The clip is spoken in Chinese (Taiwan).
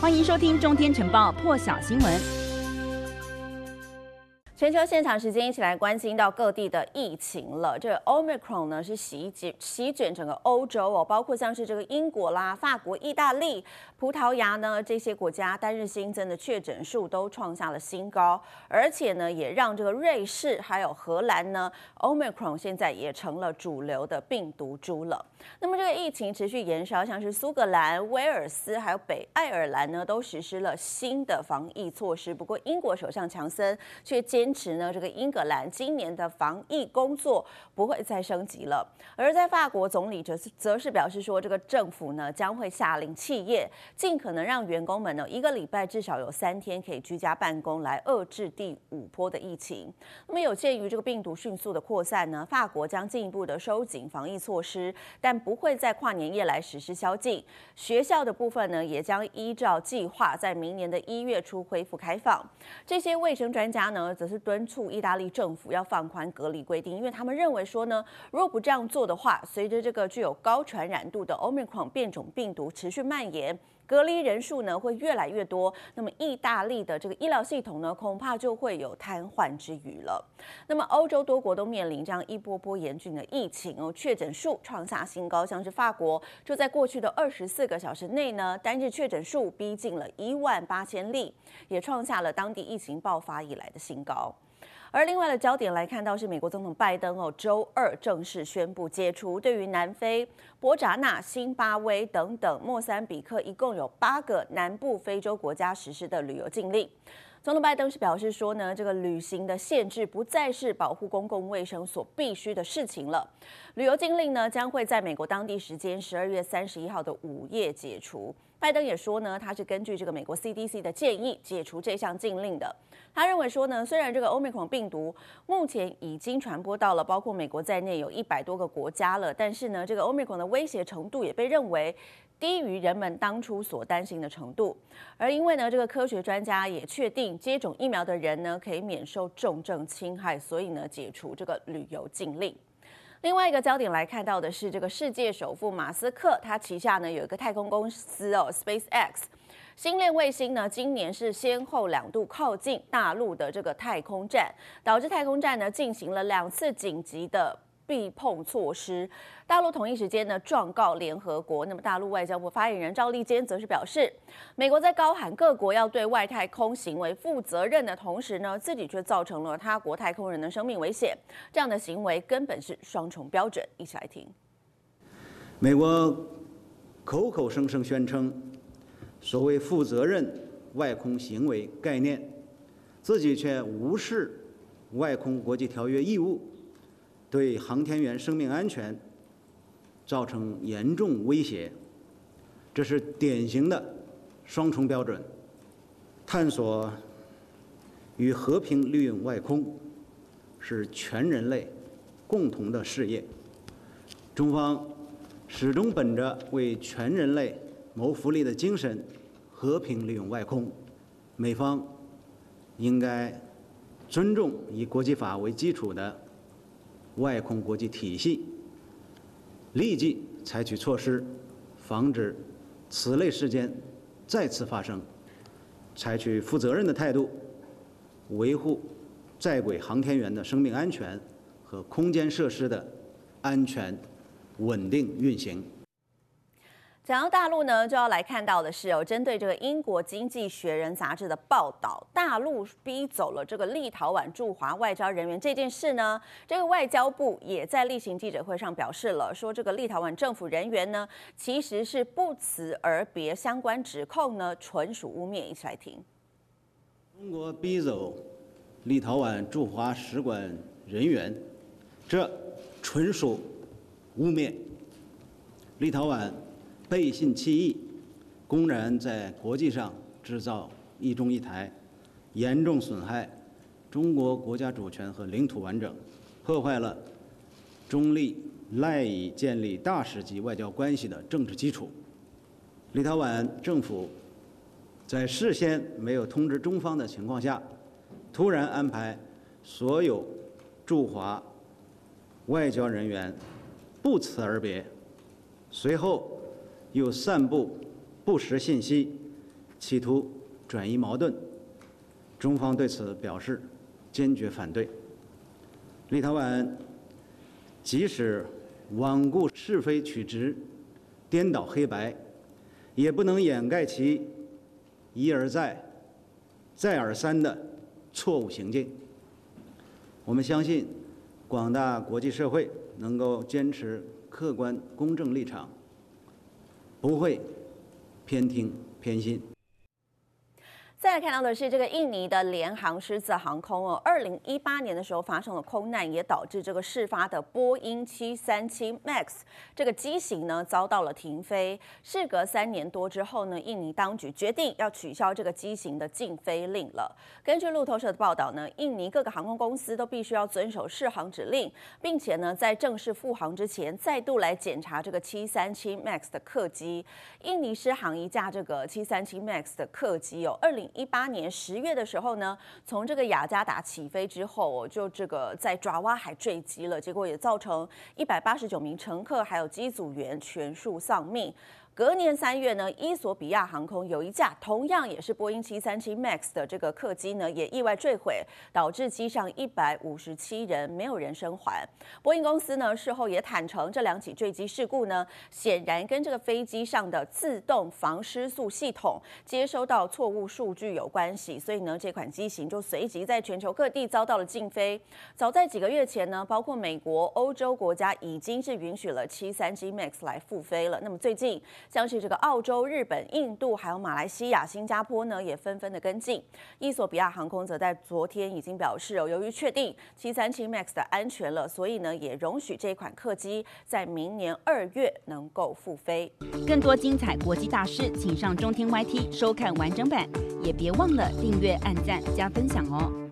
歡迎收聽《中天晨報》破曉新聞。全球現場時間，一起來關心到各地的疫情了。這個 Omicron 呢，是席捲席捲整個歐洲哦、喔，包括像是這個英國啦、法國、意大利、葡萄牙呢，這些國家單日新增的確診數都創下了新高，而且呢，也讓這個瑞士還有荷蘭呢，Omicron 現在也成了主流的病毒株了。那麼這個疫情持續延燒，像是蘇格蘭、威爾斯還有北愛爾蘭呢，都實施了新的防疫措施。不過英國首相強森卻堅堅持呢，這個英格蘭今年的防疫工作不會再升級了。而在法國，總理則則是表示說，這個政府呢，將會下令企業盡可能讓員工們呢，一個禮拜至少有三天可以居家辦公，來遏制第五波的疫情。那麼，有鑑於這個病毒迅速的擴散呢，法國將進一步的收緊防疫措施，但不會在跨年夜來實施宵禁。學校的部分呢，也將依照計劃在明年的一月初恢復開放。這些衛生專家呢，則是。敦促意大利政府要放寬隔離規定，因為他們認為說呢，如果不這樣做的話，隨着這個具有高傳染度的 Omicron 變種病毒持續蔓延。隔離人數呢會越來越多，那麼意大利的這個醫療系統呢恐怕就會有癱瘓之虞了。那麼歐洲多國都面臨這樣一波波嚴峻的疫情哦，確診數創下新高，像是法國就在過去的二十四個小時內呢，單日確診數逼近了一萬八千例，也創下了當地疫情爆發以來的新高。而另外的焦點來看到是美國總統拜登哦，周二正式宣布解除對於南非、波札那、辛巴威等等莫三比克，一共有八個南部非洲國家實施的旅遊禁令。總統拜登是表示說呢，這個旅行的限制不再是保護公共衛生所必須的事情了。旅遊禁令呢將會在美國當地時間十二月三十一號的午夜解除。拜登也說呢，他是根據這個美國 CDC 的建議解除這項禁令的。他認為說呢，雖然這個歐美 i 病毒目前已經傳播到了，包括美國在內有一百多個國家了，但是呢，這個歐美 i 的威脅程度也被認為低於人們當初所擔心的程度。而因為呢，這個科學專家也確定接種疫苗的人呢，可以免受重症侵害，所以呢，解除這個旅遊禁令。另外一個焦點來看到的是，這個世界首富馬斯克，他旗下呢有一個太空公司哦，SpaceX，星鏈衛星呢，今年是先後兩度靠近大陸的這個太空站，導致太空站呢進行了兩次緊急的避碰措施，大陸同一時間呢狀告聯合國。那麼，大陸外交部發言人趙立堅則是表示，美國在高喊各國要對外太空行為負責任的同時呢，自己卻造成了他國太空人的生命危險，這樣的行為根本是雙重標準。一起來聽。美國口口聲聲宣稱所謂“負責任外空行為”概念，自己卻無視外空國際條約義務。對航天員生命安全造成嚴重威脅，這是典型的雙重標準。探索與和平利用外空是全人類共同的事業，中方始終本着為全人類謀福利的精神和平利用外空，美方應該尊重以國際法為基礎的。外空國際體系，立即採取措施，防止此類事件再次發生，採取負責任的態度，維護在軌航天員的生命安全和空間設施的安全穩定運行。想要大陸呢，就要來看到的是有、喔、針對這個《英國經濟學人》雜誌的報道，大陸逼走了這個立陶宛駐華外交人員這件事呢，這個外交部也在例行記者會上表示了，說這個立陶宛政府人員呢，其實是不辭而別，相關指控呢純屬污蔑。一起來聽，中國逼走立陶宛駐華使館人員，這純屬污蔑，立陶宛。背信棄義，公然在國際上製造“一中一台”，嚴重損害中國國家主權和領土完整，破壞了中立賴以建立大使級外交關係的政治基礎。立陶宛政府在事先沒有通知中方的情況下，突然安排所有駐華外交人員不辭而別，隨後。又散布不實信息，企圖轉移矛盾，中方對此表示堅決反對。立陶宛即使罔顧是非曲直、顛倒黑白，也不能掩蓋其一而再、再而三的錯誤行徑。我們相信，廣大國際社會能夠堅持客觀公正立場。不會偏聽偏信。再來看到的是這個印尼的廉航獅子航空哦，二零一八年的時候發生了空難，也導致這個事發的波音七三七 MAX 這個機型呢遭到了停飛。事隔三年多之後呢，印尼當局決定要取消這個機型的禁飛令了。根據路透社的報道呢，印尼各個航空公司都必須要遵守適航指令，並且呢在正式復航之前再度來檢查這個七三七 MAX 的客機。印尼獅航一架這個七三七 MAX 的客機有二零。一八年十月的時候呢，從這個雅加達起飛之後，我就這個在爪哇海墜機了，結果也造成一百八十九名乘客還有機組員全數喪命。隔年三月呢，衣索比亞航空有一架同樣也是波音七三七 MAX 的這個客機呢，也意外墜毀，導致機上一百五十七人沒有人生還。波音公司呢，事後也坦承，這兩起墜機事故呢，顯然跟這個飛機上的自動防失速系統接收到錯誤數據有關係。所以呢，這款機型就隨即在全球各地遭到了禁飛。早在幾個月前呢，包括美國、歐洲國家已經是允許了七三七 MAX 來復飛了。那麼最近。相信這個澳洲、日本、印度，還有馬來西亞、新加坡呢，也紛紛的跟進。衣索比亞航空則在昨天已經表示，哦，由於確定七三七 MAX 的安全了，所以呢也容許這款客機在明年二月能夠復飛。更多精彩國際大事，請上中天 YT 收看完整版，也別忘了訂閱、按讚、加分享哦。